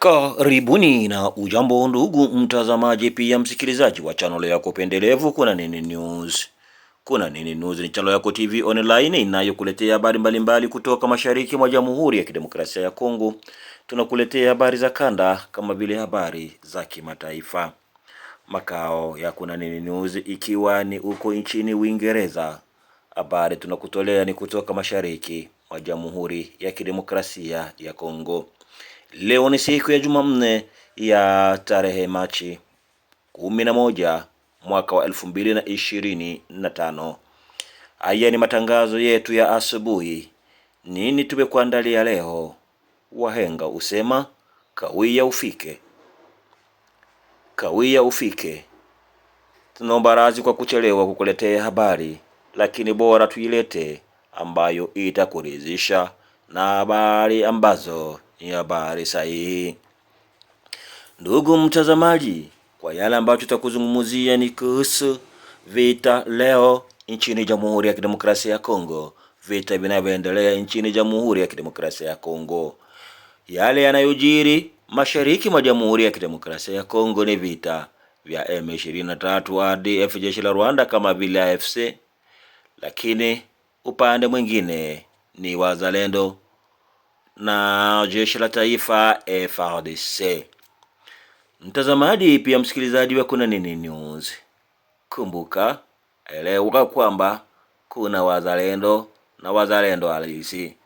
Karibuni na ujambo ndugu mtazamaji, pia msikilizaji wa chanelo yako pendelevu Kuna Nini News. Kuna Nini News ni chanelo yako TV online inayokuletea habari mbalimbali kutoka mashariki mwa Jamhuri ya Kidemokrasia ya Kongo. Tunakuletea habari za kanda kama vile habari za kimataifa. Makao ya Kuna Nini News ikiwa ni uko nchini Uingereza. Habari tunakutolea ni kutoka mashariki mwa Jamhuri ya Kidemokrasia ya Kongo. Leo ni siku ya Jumanne ya tarehe Machi 11 mwaka wa 2025. Haya ni matangazo yetu ya asubuhi. Nini tumekuandalia leo? Wahenga usema kawia ufike, kawia ufike. Tunaomba radhi kwa kuchelewa kukuletea habari, lakini bora tuilete ambayo itakuridhisha na habari ambazo ni habari sahihi. Ndugu mtazamaji, kwa yale ambayo tutakuzungumzia ni kuhusu vita leo nchini Jamhuri ya Kidemokrasia ya Kongo, vita vinavyoendelea nchini Jamhuri ya Kidemokrasia ya Kongo, yale yanayojiri mashariki mwa Jamhuri ya Kidemokrasia ya Kongo ni vita vya M23 ADF, jeshi la Rwanda kama vile AFC, lakini upande mwingine ni wazalendo na jeshi la taifa FARDC. Mtazamaji pia msikilizaji wa Kuna Nini News, kumbuka elewa kwamba kuna wazalendo na wazalendo halisi.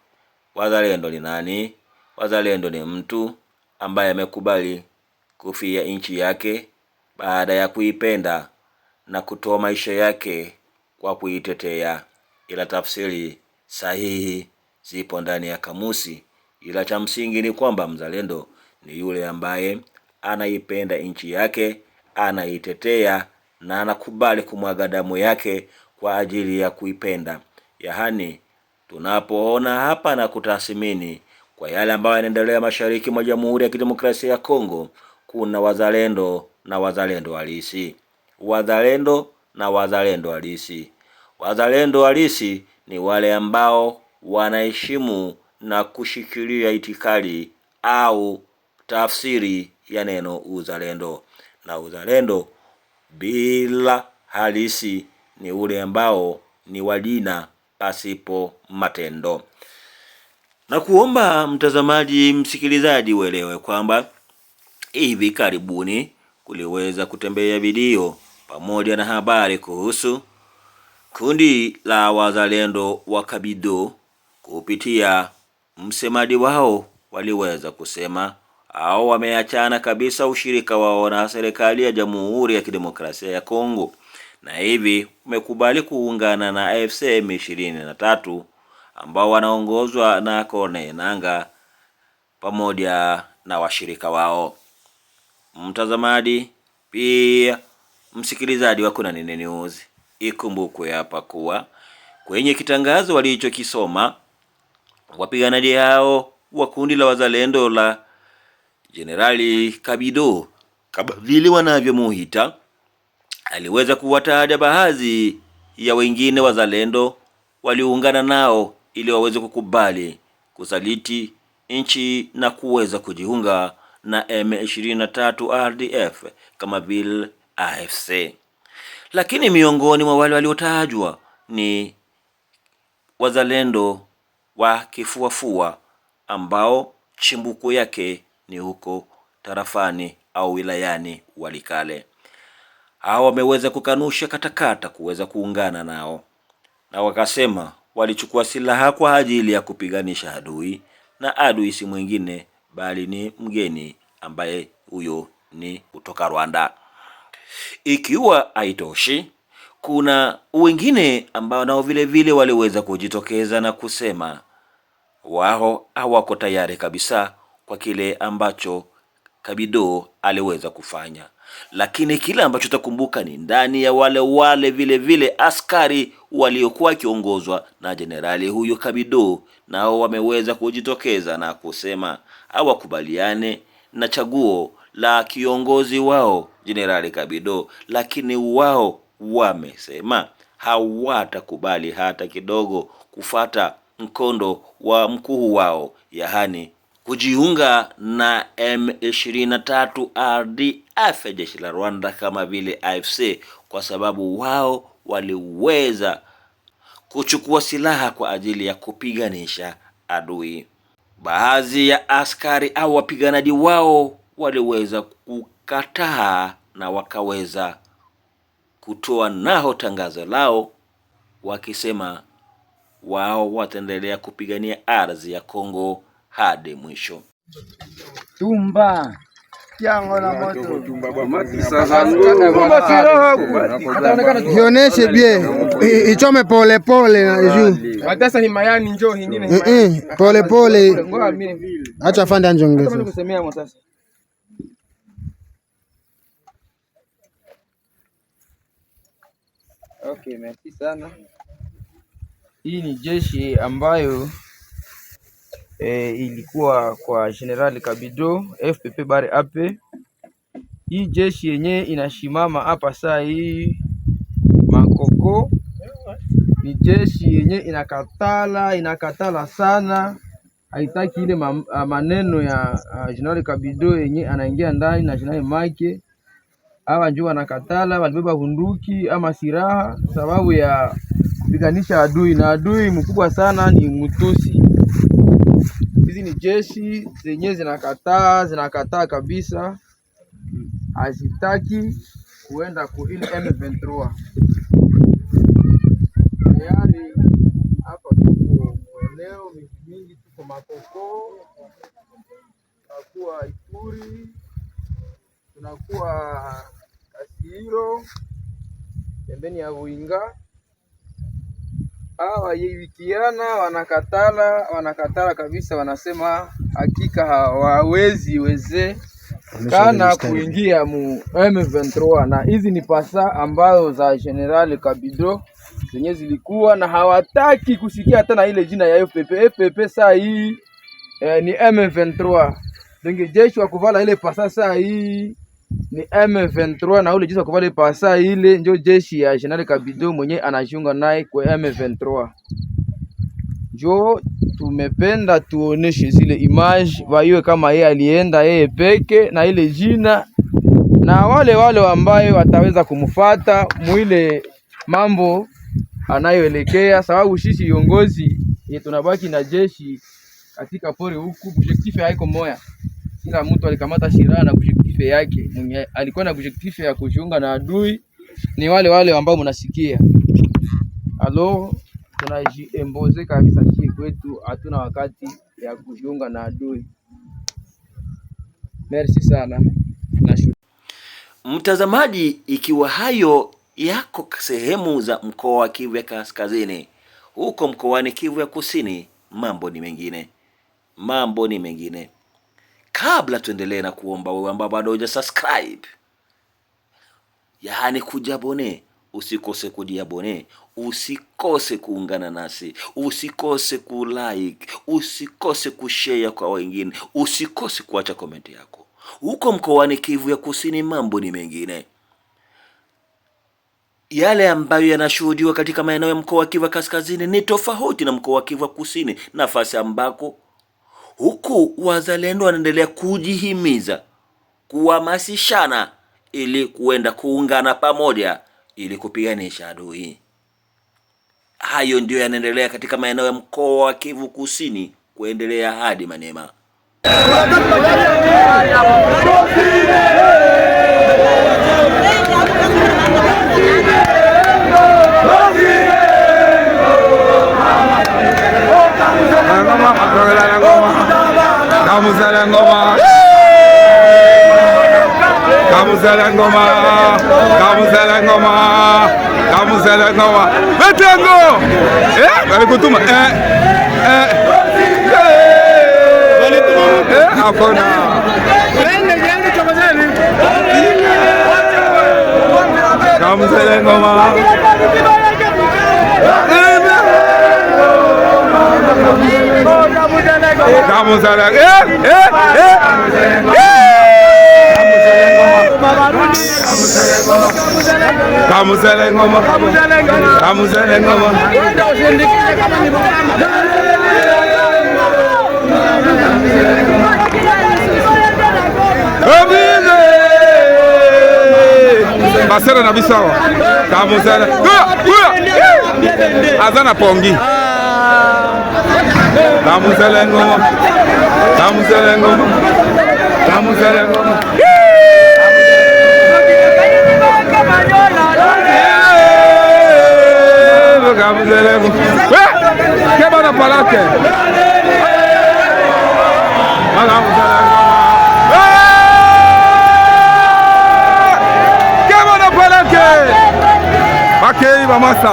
Wazalendo ni nani? Wazalendo ni mtu ambaye amekubali kufia nchi yake baada ya kuipenda na kutoa maisha yake kwa kuitetea, ila tafsiri sahihi zipo ndani ya kamusi ila cha msingi ni kwamba mzalendo ni yule ambaye anaipenda nchi yake, anaitetea na anakubali kumwaga damu yake kwa ajili ya kuipenda. Yaani, tunapoona hapa na kutathmini kwa yale ambayo yanaendelea mashariki mwa Jamhuri ya Kidemokrasia ya Kongo, kuna wazalendo na wazalendo halisi, wazalendo na wazalendo halisi. Wazalendo halisi ni wale ambao wanaheshimu na kushikilia itikadi au tafsiri ya neno uzalendo, na uzalendo bila halisi ni ule ambao ni wa jina pasipo matendo. Na kuomba mtazamaji, msikilizaji uelewe kwamba hivi karibuni kuliweza kutembea video pamoja na habari kuhusu kundi la wazalendo wa Kabido kupitia Msemaji wao waliweza kusema au wameachana kabisa ushirika wao na serikali ya Jamhuri ya Kidemokrasia ya Kongo na hivi umekubali kuungana na AFC M23 ambao wanaongozwa na Corne Nanga pamoja na washirika wao. Mtazamaji pia msikilizaji wa Kuna Nini News, ikumbukwe hapa kuwa kwenye kitangazo walichokisoma Wapiganaji hao wa kundi la wazalendo la Jenerali Kabido kama vile wanavyomuhita, aliweza kuwataja baadhi ya wengine wazalendo waliungana nao ili waweze kukubali kusaliti nchi na kuweza kujiunga na M23 RDF kama vile AFC. Lakini miongoni mwa wale waliotajwa ni wazalendo wa kifuafua ambao chimbuko yake ni huko tarafani au wilayani Walikale. Hao wameweza kukanusha katakata kuweza kuungana nao, na wakasema walichukua silaha kwa ajili ya kupiganisha adui, na adui si mwingine bali ni mgeni ambaye huyo ni kutoka Rwanda. Ikiwa haitoshi, kuna wengine ambao nao vile vile waliweza kujitokeza na kusema wao hawako tayari kabisa kwa kile ambacho Kabido aliweza kufanya, lakini kile ambacho utakumbuka ni ndani ya wale wale vile vile askari waliokuwa wakiongozwa na jenerali huyo Kabido, nao wameweza kujitokeza na kusema hawakubaliane na chaguo la kiongozi wao Jenerali Kabido, lakini wao wamesema hawatakubali hata kidogo kufata mkondo wa mkuu wao, yaani kujiunga na M23 RDF ya jeshi la Rwanda kama vile AFC, kwa sababu wao waliweza kuchukua silaha kwa ajili ya kupiganisha adui. Baadhi ya askari au wapiganaji wao waliweza kukataa na wakaweza kutoa nao tangazo lao wakisema wao wataendelea kupigania ardhi ya Kongo hadi mwisho. Tumba Jioneshe bie ichome pole pole eh, eh, pole pole, acha fanda njongeza Okay, merci sana. Hii ni jeshi ambayo e, ilikuwa kwa General Kabido FPP bare ape. Hii jeshi yenyewe inashimama hapa saa hii Makoko, ni jeshi yenye inakatala inakatala sana, haitaki ile maneno ya ah, General Kabido yenye anaingia ndani na General make hawa njoo wanakatala, walibeba bunduki ama silaha sababu ya kupiganisha adui, na adui mkubwa sana ni mtusi. Hizi ni jeshi zenyewe zinakataa, zinakataa kabisa, hazitaki kuenda ku M23 tayari. Hapa tuko eneo mingi, tuko Makoko, akuwa Ituri tunakuwa kasiiro pembeni ya Vuinga. Hawa yiwikiana wanakatala, wanakatala kabisa, wanasema hakika hawawezi weze kana kuingia mu M23 na hizi ni pasa ambayo za General Kabidro zenye zilikuwa na hawataki kusikia hata na ile jina ya FPP. FPP saa hii eh, ni M23 donge jeshi wa kuvala ile pasa saa hii ni M23 na ule jinsi wakuvali pasa ile njo jeshi ya General Kabido mwenye anajiunga naye kwa M23. njo tumependa tuoneshe zile image waiwe kama yeye alienda yeye peke na ile jina na wale wale ambaye wataweza kumfata mwile mambo anayoelekea, sababu sisi viongozi tunabaki na jeshi katika pori huku, objectif haiko moya kila mtu alikamata silaha na objective yake. Mwenye alikuwa na objective ya kujiunga na adui ni wale wale ambao mnasikia. Alo, tunajiemboze kabisa chii kwetu, hatuna wakati ya kujiunga na adui. Merci sana. Nashukuru mtazamaji, ikiwa hayo yako sehemu za mkoa wa Kivu ya Kaskazini, huko mkoani Kivu ya Kusini mambo ni mengine, mambo ni mengine. Kabla tuendelee na kuomba, wewe ambao bado huja subscribe, yaani kujabone, usikose kujiabone, usikose kuungana nasi, usikose kulike, usikose kushare kwa wengine, usikose kuacha komenti yako. Huko mkoani Kivu ya Kusini mambo ni mengine, yale ambayo yanashuhudiwa katika maeneo ya mkoa wa Kivu Kaskazini ni tofauti na mkoa wa Kivu Kusini, nafasi ambako huku wazalendo wanaendelea kujihimiza, kuhamasishana ili kuenda kuungana pamoja ili kupiganisha adui. Hayo ndiyo yanaendelea katika maeneo ya mkoa wa Kivu Kusini kuendelea hadi Maniema. Selengoma, Kamu Selengoma, Kamu Selengoma. Vetengo! Eh, é? ele é, é. costuma. Eh, ah, eh. Eh, afona. Kamu Selengoma. Kamu Selengoma. vamos eh, eh. Kamu abarundi kamuzele ngoma kamuzele ngoma wenda ushindikishe kama ni basere na biso awa kamuzele aza na pongi kamuzele ngoma kamuzele ngoma kamuzele ngoma masa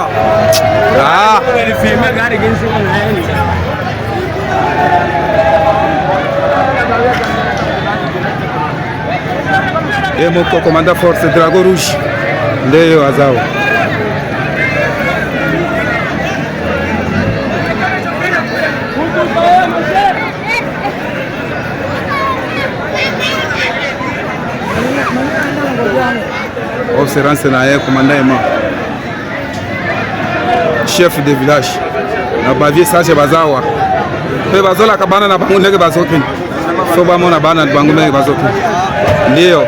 ye ah. eh, moko komanda force drago rouge ndeyo azao observance na ye komanda yema chef de village na bavie sage bazawa mpe bazolaka bana na bango ndenge bazotuna so bamona bana na bango ndenge bazotuna ndiyo.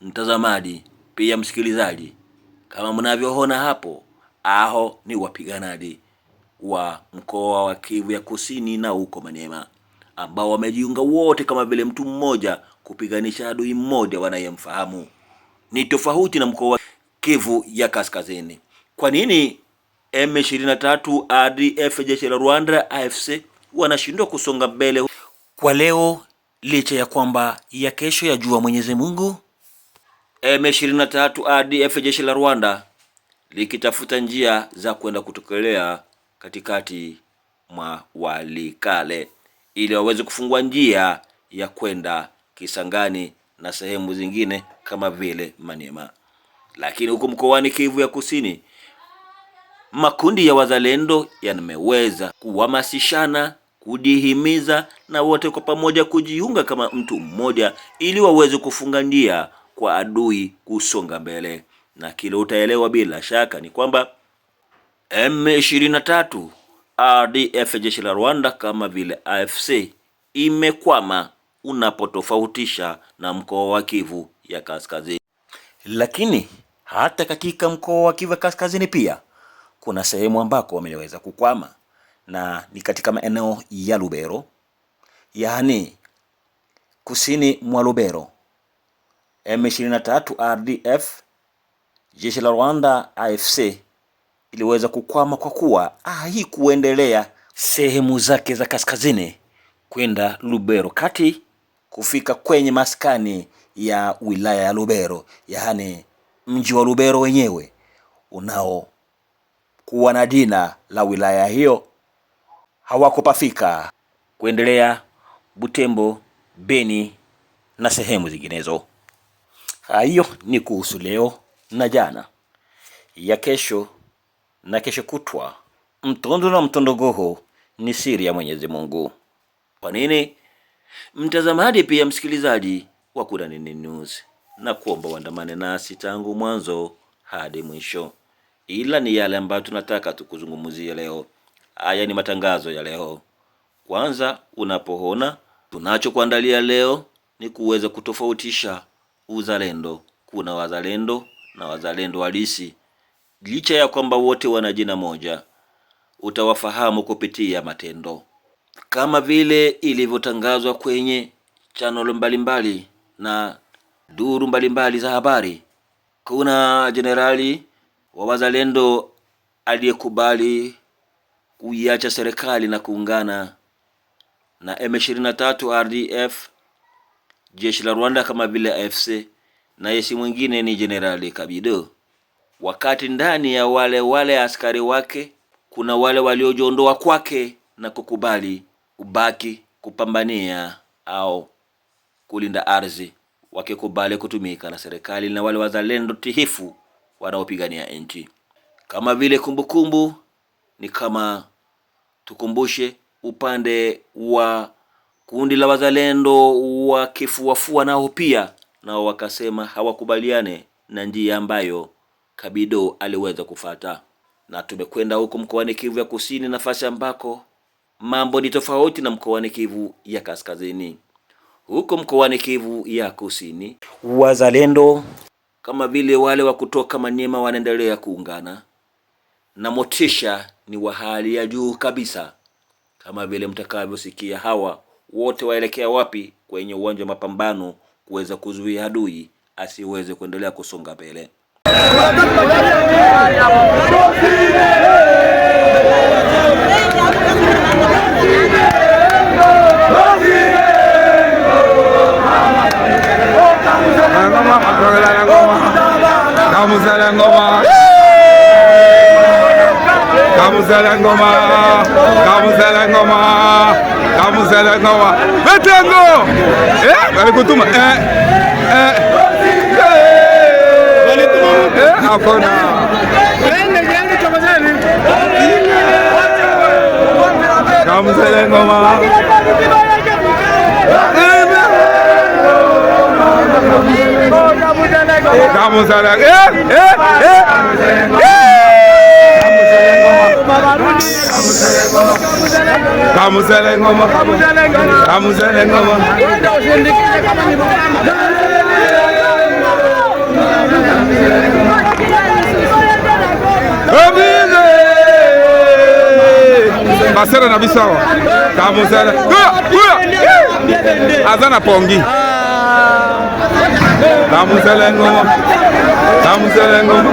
Mtazamaji pia msikilizaji, kama mnavyoona hapo, aho ni wapiganaji wa mkoa wa Kivu ya Kusini na huko manyema ambao wamejiunga wote kama vile mtu mmoja kupiganisha adui mmoja wanayemfahamu. Ni tofauti na mkoa Kivu ya Kaskazini. Kwa nini M23 ADF, jeshi la Rwanda, AFC wanashindwa kusonga mbele kwa leo, licha ya kwamba ya kesho ya jua Mwenyezi Mungu? M23 ADF, jeshi la Rwanda likitafuta njia za kwenda kutokelea katikati mwa Walikale ili waweze kufungua njia ya kwenda Kisangani na sehemu zingine kama vile Maniema. Lakini huko mkoani Kivu ya Kusini, makundi ya wazalendo yameweza kuhamasishana, kujihimiza na wote kwa pamoja kujiunga kama mtu mmoja, ili waweze kufunga njia kwa adui kusonga mbele. Na kile utaelewa bila shaka ni kwamba M23 RDF jeshi la Rwanda kama vile AFC imekwama unapotofautisha na mkoa wa Kivu ya Kaskazini, lakini hata katika mkoa wa Kivu Kaskazini pia kuna sehemu ambako wameweza kukwama na ni katika maeneo ya Lubero, yaani kusini mwa Lubero. M23 RDF, jeshi la Rwanda AFC iliweza kukwama kwa kuwa ah, hii kuendelea sehemu zake za kaskazini kwenda Lubero kati kufika kwenye maskani ya wilaya ya Lubero, yaani mji wa Lubero wenyewe unaokuwa na jina la wilaya hiyo hawakupafika kuendelea Butembo, Beni na sehemu zinginezo. Hayo ni kuhusu leo na jana, ya kesho na kesho kutwa. Mtondo na mtondogoho ni siri ya Mwenyezi Mungu. Kwa nini mtazamaji, pia msikilizaji wa Kuna Nini News? na kuomba uandamane nasi tangu mwanzo hadi mwisho, ila ni yale ambayo tunataka tukuzungumzie leo. Haya ni matangazo ya leo. Kwanza, unapoona tunachokuandalia leo ni kuweza kutofautisha uzalendo. Kuna wazalendo na wazalendo halisi, licha ya kwamba wote wana jina moja, utawafahamu kupitia matendo, kama vile ilivyotangazwa kwenye chanolo mbalimbali na duru mbalimbali za habari, kuna jenerali wa wazalendo aliyekubali kuiacha serikali na kuungana na M23 RDF, jeshi la Rwanda kama vile AFC, na yesi mwingine ni jenerali Kabido. Wakati ndani ya wale wale askari wake kuna wale waliojiondoa kwake na kukubali ubaki kupambania au kulinda ardhi wakikubali kutumika na serikali na wale wazalendo tihifu wanaopigania nchi. Kama vile kumbukumbu kumbu, ni kama tukumbushe upande wa kundi la wazalendo wa kifuafua, nao pia nao wakasema hawakubaliane na njia ambayo Kabido aliweza kufata, na tumekwenda huko mkoani Kivu ya Kusini, nafasi ambako mambo ni tofauti na mkoani Kivu ya Kaskazini huko mkoani Kivu ya Kusini. Wazalendo kama vile wale wa kutoka Manyema wanaendelea kuungana na motisha ni wa hali ya juu kabisa, kama vile mtakavyosikia hawa wote waelekea wapi? Kwenye uwanja wa mapambano kuweza kuzuia adui asiweze kuendelea kusonga mbele. Zelangoma, Cabo Zelangoma, Cabo Zelangoma, Vetango! É, vai é, é. é? ah, cotuma, é, é, é, agora. Cabo Zelangoma. Cabo Zelangoma, é, é, é, é. kamuzele ngoma kamuzele ngoma obize basere na biso awa kamuzele aza na pongi kamuzele ngoma kamuzele ngoma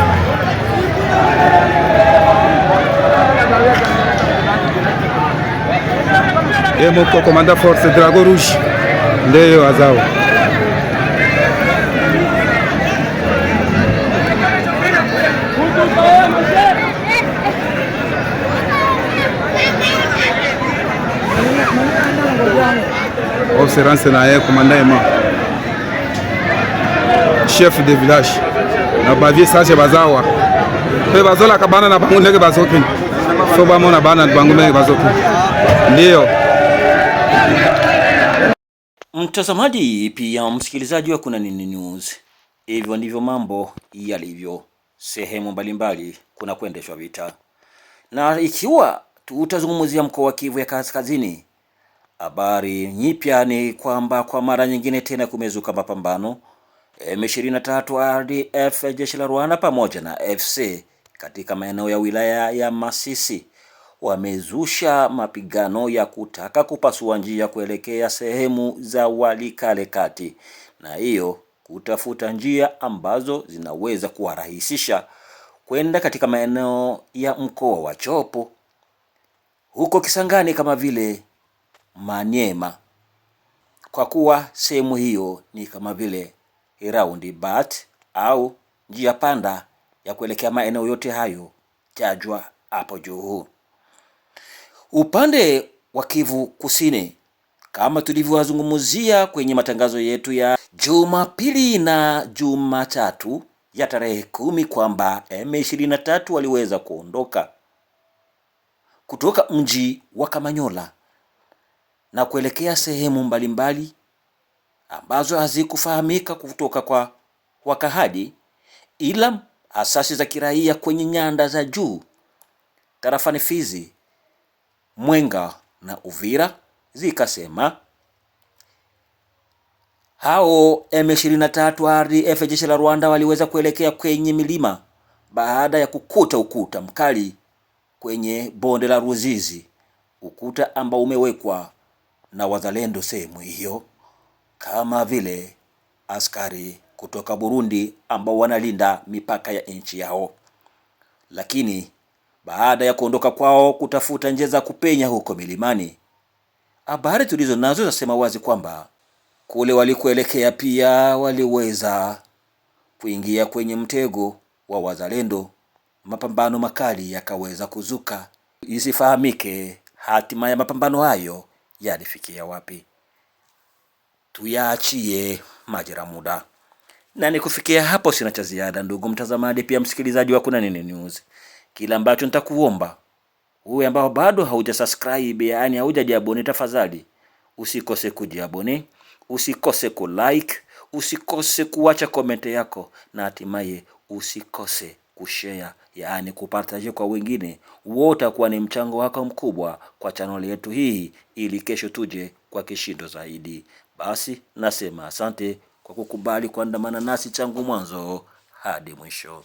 ye moko komanda force dragon rouge ndeyo azawa observance naye ye komanda ema chef de village na bavie sage bazawa mpe bazolaka bana na bango ndenge bazokende so bamona bana bango ndenge bazokende ndiyo Mtazamaji pia msikilizaji wa Kuna Nini News, hivyo ndivyo mambo yalivyo sehemu mbalimbali kuna kuendeshwa vita, na ikiwa tutazungumzia mkoa wa Kivu ya Kaskazini, habari nyipya ni kwamba kwa mara nyingine tena kumezuka mapambano M23 RDF, jeshi la Rwanda pamoja na FC katika maeneo ya wilaya ya Masisi wamezusha mapigano ya kutaka kupasua njia kuelekea sehemu za Walikale Kati, na hiyo kutafuta njia ambazo zinaweza kuwarahisisha kwenda katika maeneo ya mkoa wa Chopo huko Kisangani kama vile Manyema, kwa kuwa sehemu hiyo ni kama vile roundabout au njia panda ya kuelekea maeneo yote hayo tajwa hapo juu. Upande wa Kivu Kusini, kama tulivyowazungumzia kwenye matangazo yetu ya Jumapili na Jumatatu ya tarehe kumi kwamba M23 waliweza kuondoka kutoka mji wa Kamanyola na kuelekea sehemu mbalimbali mbali ambazo hazikufahamika kutoka kwa wakahadi ila asasi za kiraia kwenye nyanda za juu tarafani Fizi Mwenga na Uvira zikasema hao M23 RDF jeshi la Rwanda waliweza kuelekea kwenye milima baada ya kukuta ukuta mkali kwenye bonde la Ruzizi, ukuta ambao umewekwa na wazalendo sehemu hiyo, kama vile askari kutoka Burundi ambao wanalinda mipaka ya nchi yao, lakini baada ya kuondoka kwao kutafuta njia za kupenya huko milimani. Habari tulizo nazo zasema wazi kwamba kule walikuelekea pia waliweza kuingia kwenye mtego wa wazalendo. Mapambano makali yakaweza kuzuka, isifahamike hatima ya mapambano hayo yalifikia wapi. Tuyaachie majira muda na ni kufikia hapo, sina cha ziada ndugu mtazamaji, pia msikilizaji wa Kuna Nini News. Kila ambacho nitakuomba wewe ambao bado hauja subscribe, hauja yaani haujajiabone, tafadhali usikose kujiabone, usikose like, usikose kuacha komenti yako, na hatimaye usikose kushare, yani kupartaje kwa wengine. Wote utakuwa ni mchango wako mkubwa kwa channel yetu hii, ili kesho tuje kwa kishindo zaidi. Basi nasema asante kwa kukubali kuandamana nasi changu mwanzo hadi mwisho.